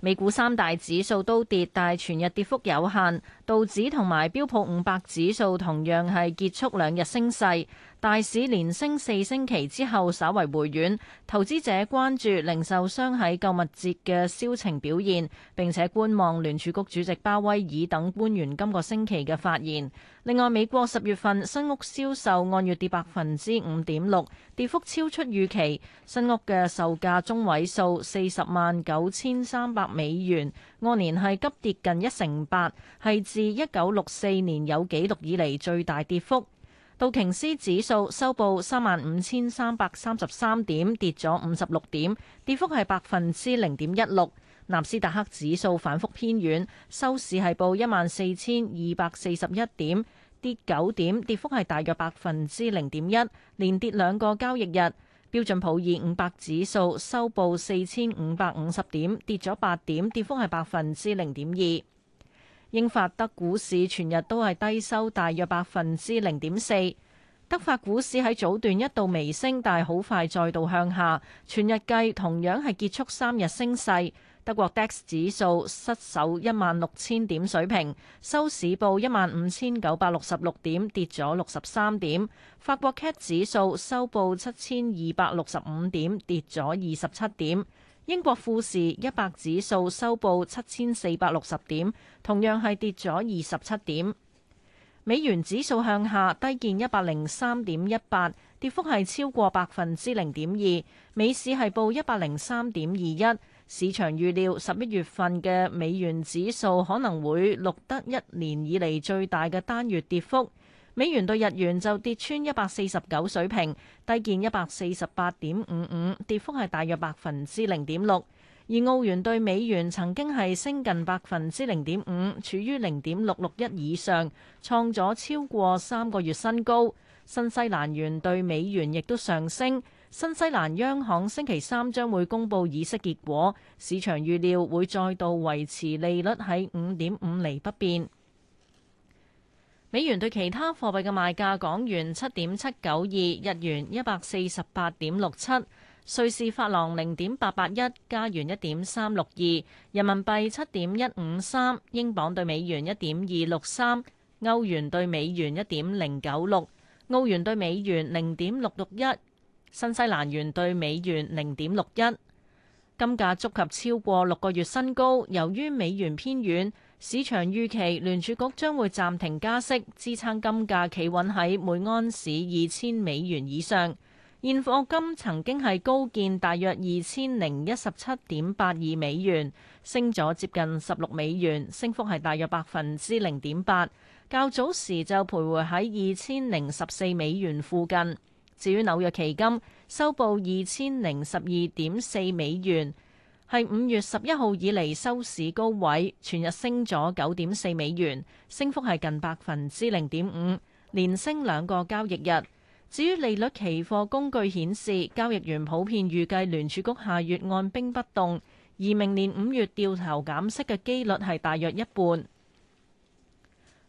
美股三大指數都跌，但係全日跌幅有限。道指同埋標普五百指數同樣係結束兩日升勢，大市連升四星期之後稍為回軟，投資者關注零售商喺購物節嘅銷情表現，並且觀望聯儲局主席鮑威爾等官員今個星期嘅發言。另外，美國十月份新屋銷售按月跌百分之五點六，跌幅超出預期。新屋嘅售價中位數四十萬九千三百。美元按年係急跌近一成八，係自一九六四年有紀錄以嚟，最大跌幅。道瓊斯指數收報三萬五千三百三十三點，跌咗五十六點，跌幅係百分之零點一六。納斯達克指數反復偏軟，收市係報一萬四千二百四十一點，跌九點，跌幅係大約百分之零點一，連跌兩個交易日。標準普爾五百指數收報四千五百五十點，跌咗八點，跌幅係百分之零點二。英法德股市全日都係低收，大約百分之零點四。德法股市喺早段一度微升，但係好快再度向下，全日計同樣係結束三日升勢。德國 DAX 指數失守一萬六千點水平，收市報一萬五千九百六十六點，跌咗六十三點。法國 CAC 指數收報七千二百六十五點，跌咗二十七點。英國富時一百指數收報七千四百六十點，同樣係跌咗二十七點。美元指數向下低見一百零三點一八，跌幅係超過百分之零點二，美市係報一百零三點二一。市場預料十一月份嘅美元指數可能會錄得一年以嚟最大嘅單月跌幅。美元兌日元就跌穿一百四十九水平，低見一百四十八點五五，跌幅係大約百分之零點六。而澳元兌美元曾經係升近百分之零點五，處於零點六六一以上，創咗超過三個月新高。新西蘭元對美元亦都上升。新西蘭央行星期三將會公布議息結果，市場預料會再度維持利率喺五點五厘不變。美元對其他貨幣嘅賣價：港元七點七九二，日元一百四十八點六七，瑞士法郎零點八八一，加元一點三六二，人民幣七點一五三，英鎊對美元一點二六三，歐元對美元一點零九六，澳元對美元零點六六一。新西蘭元兌美元零點六一，金價觸及超過六個月新高。由於美元偏軟，市場預期聯儲局將會暫停加息，支撐金價企穩喺每安士二千美元以上。現貨金曾經係高見大約二千零一十七點八二美元，升咗接近十六美元，升幅係大約百分之零點八。較早時就徘徊喺二千零十四美元附近。至於紐約期金收報二千零十二點四美元，係五月十一號以嚟收市高位，全日升咗九點四美元，升幅係近百分之零點五，連升兩個交易日。至於利率期貨工具顯示，交易員普遍預計聯儲局下月按兵不動，而明年五月掉頭減息嘅機率係大約一半。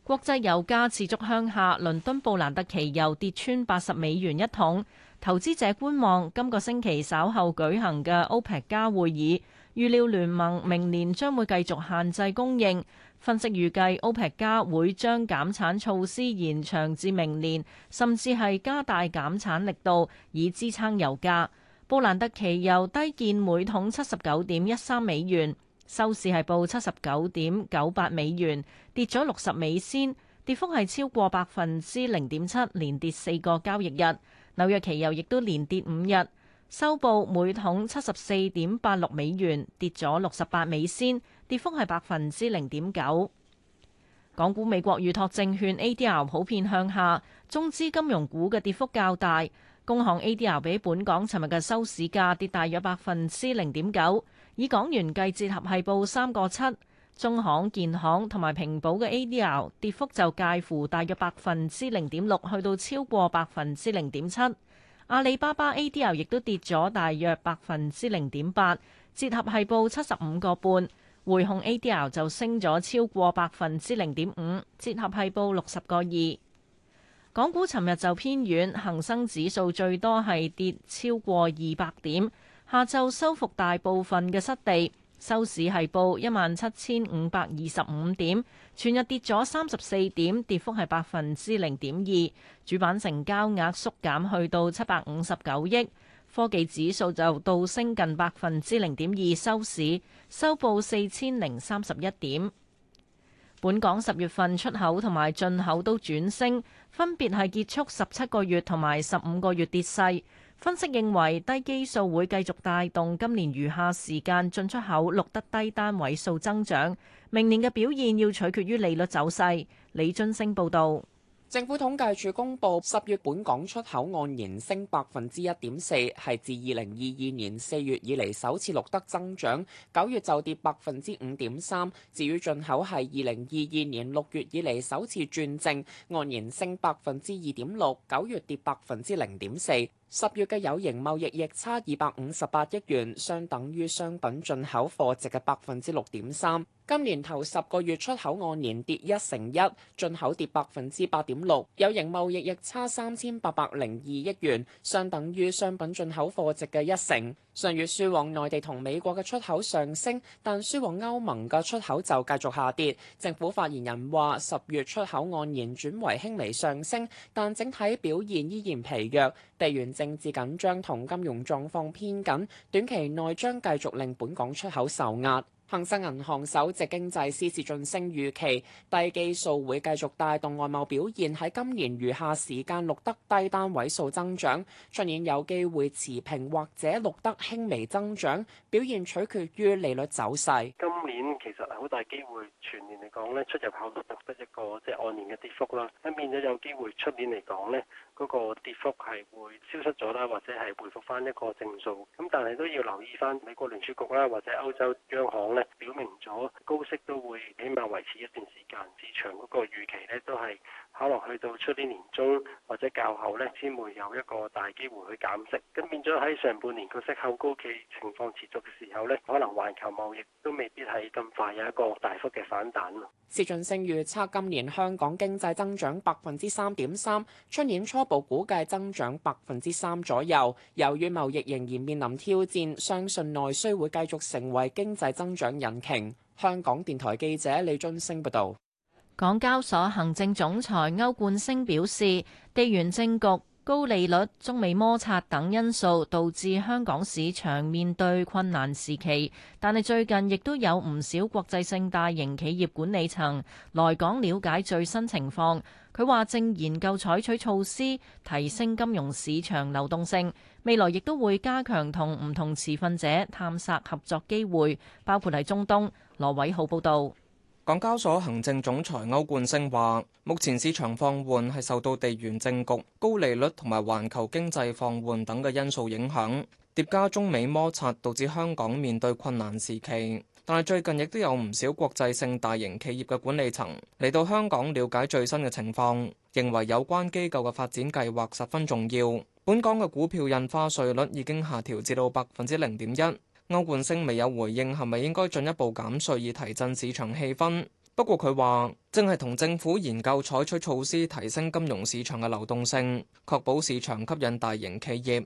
國際油價持續向下，倫敦布蘭特期油跌穿八十美元一桶。投資者觀望今個星期稍後舉行嘅歐佩克加會議，預料聯盟明年將會繼續限制供應。分析預計歐佩克加會將減產措施延長至明年，甚至係加大減產力度以支撐油價。布蘭特期油低見每桶七十九點一三美元。收市係報七十九點九八美元，跌咗六十美仙，跌幅係超過百分之零點七，連跌四個交易日。紐約期油亦都連跌五日，收報每桶七十四點八六美元，跌咗六十八美仙，跌幅係百分之零點九。港股美國預託證券 ADR 普遍向下，中資金融股嘅跌幅較大，工行 ADR 比本港尋日嘅收市價跌大約百分之零點九。以港元計，折合係報三個七，中行、建行同埋平保嘅 ADR 跌幅就介乎大約百分之零點六，去到超過百分之零點七。阿里巴巴 ADR 亦都跌咗大約百分之零點八，折合係報七十五個半。匯控 ADR 就升咗超過百分之零點五，折合係報六十個二。港股尋日就偏軟，恒生指數最多係跌超過二百點。下晝收復大部分嘅失地，收市係報一萬七千五百二十五點，全日跌咗三十四點，跌幅係百分之零點二。主板成交額縮減去到七百五十九億。科技指數就倒升近百分之零點二，收市收報四千零三十一點。本港十月份出口同埋進口都轉升，分別係結束十七個月同埋十五個月跌勢。分析認為，低基數會繼續帶動今年餘下時間進出口錄得低單位數增長。明年嘅表現要取決於利率走勢。李津升報導。政府統計處公布，十月本港出口按年升百分之一點四，係自二零二二年四月以嚟首次錄得增長。九月就跌百分之五點三。至於進口係二零二二年六月以嚟首次轉正，按年升百分之二點六，九月跌百分之零點四。十月嘅有形貿易逆差二百五十八億元，相等於商品進口貨值嘅百分之六點三。今年頭十個月出口按年跌一成一，進口跌百分之八點六，有形貿易逆差三千八百零二億元，相等於商品進口貨值嘅一成。上月輸往內地同美國嘅出口上升，但輸往歐盟嘅出口就繼續下跌。政府發言人話：十月出口按年轉為輕微上升，但整體表現依然疲弱。地緣政治緊張同金融狀況偏緊，短期內將繼續令本港出口受壓。恒生銀行首席經濟師薛俊昇預期，低基數會繼續帶動外貿表現喺今年餘下時間錄得低單位數增長，全年有機會持平或者錄得輕微增長，表現取決於利率走勢。今年其實係好大機會，全年嚟講咧，出入口都錄得一個即係按年嘅跌幅啦，咁變咗有機會出年嚟講咧，嗰、那個跌幅係會消失咗啦，或者係回復返一個正數。咁但係都要留意返美國聯儲局啦，或者歐洲央行，表明咗高息都會起碼維持一段時間，市場嗰個預期咧。去到出年年中或者較後咧，先會有一個大機會去減息，咁變咗喺上半年個息口高企情況持續嘅時候咧，可能環球貿易都未必係咁快有一個大幅嘅反彈咯。薛俊升預測今年香港經濟增長百分之三點三，出年初步估計增長百分之三左右。由於貿易仍然面臨挑戰，相信內需會繼續成為經濟增長引擎。香港電台記者李俊升報導。港交所行政總裁歐冠昇表示，地緣政局、高利率、中美摩擦等因素導致香港市場面對困難時期，但係最近亦都有唔少國際性大型企業管理層來港了解最新情況，佢話正研究採取措施提升金融市場流動性，未來亦都會加強同唔同持份者探索合作機會，包括係中東，羅偉浩報道。港交所行政總裁歐冠升話，目前市場放緩係受到地緣政局、高利率同埋環球經濟放緩等嘅因素影響，疊加中美摩擦導致香港面對困難時期。但係最近亦都有唔少國際性大型企業嘅管理層嚟到香港了解最新嘅情況，認為有關機構嘅發展計劃十分重要。本港嘅股票印花稅率已經下調至到百分之零點一。歐冠星未有回應，係咪應該進一步減稅以提振市場氣氛？不過佢話，正係同政府研究採取措施提升金融市場嘅流動性，確保市場吸引大型企業。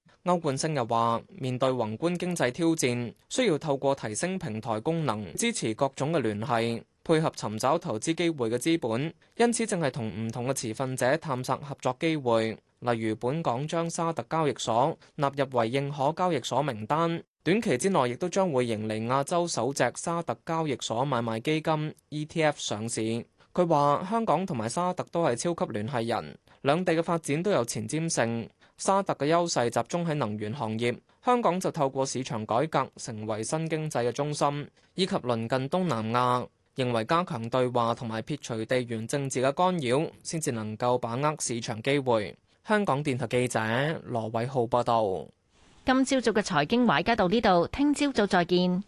歐冠星又話：面對宏觀經濟挑戰，需要透過提升平台功能，支持各種嘅聯繫，配合尋找投資機會嘅資本。因此，正係同唔同嘅持份者探索合作機會，例如本港將沙特交易所納入為認可交易所名單，短期之內亦都將會迎嚟亞洲首隻沙特交易所買賣基金 ETF 上市。佢話香港同埋沙特都係超級聯繫人，兩地嘅發展都有前瞻性。沙特嘅優勢集中喺能源行業，香港就透過市場改革成為新經濟嘅中心，以及鄰近東南亞，認為加強對話同埋撇除地緣政治嘅干擾，先至能夠把握市場機會。香港電台記者羅偉浩報道。今朝早嘅財經華爾街到呢度，聽朝早，早再見。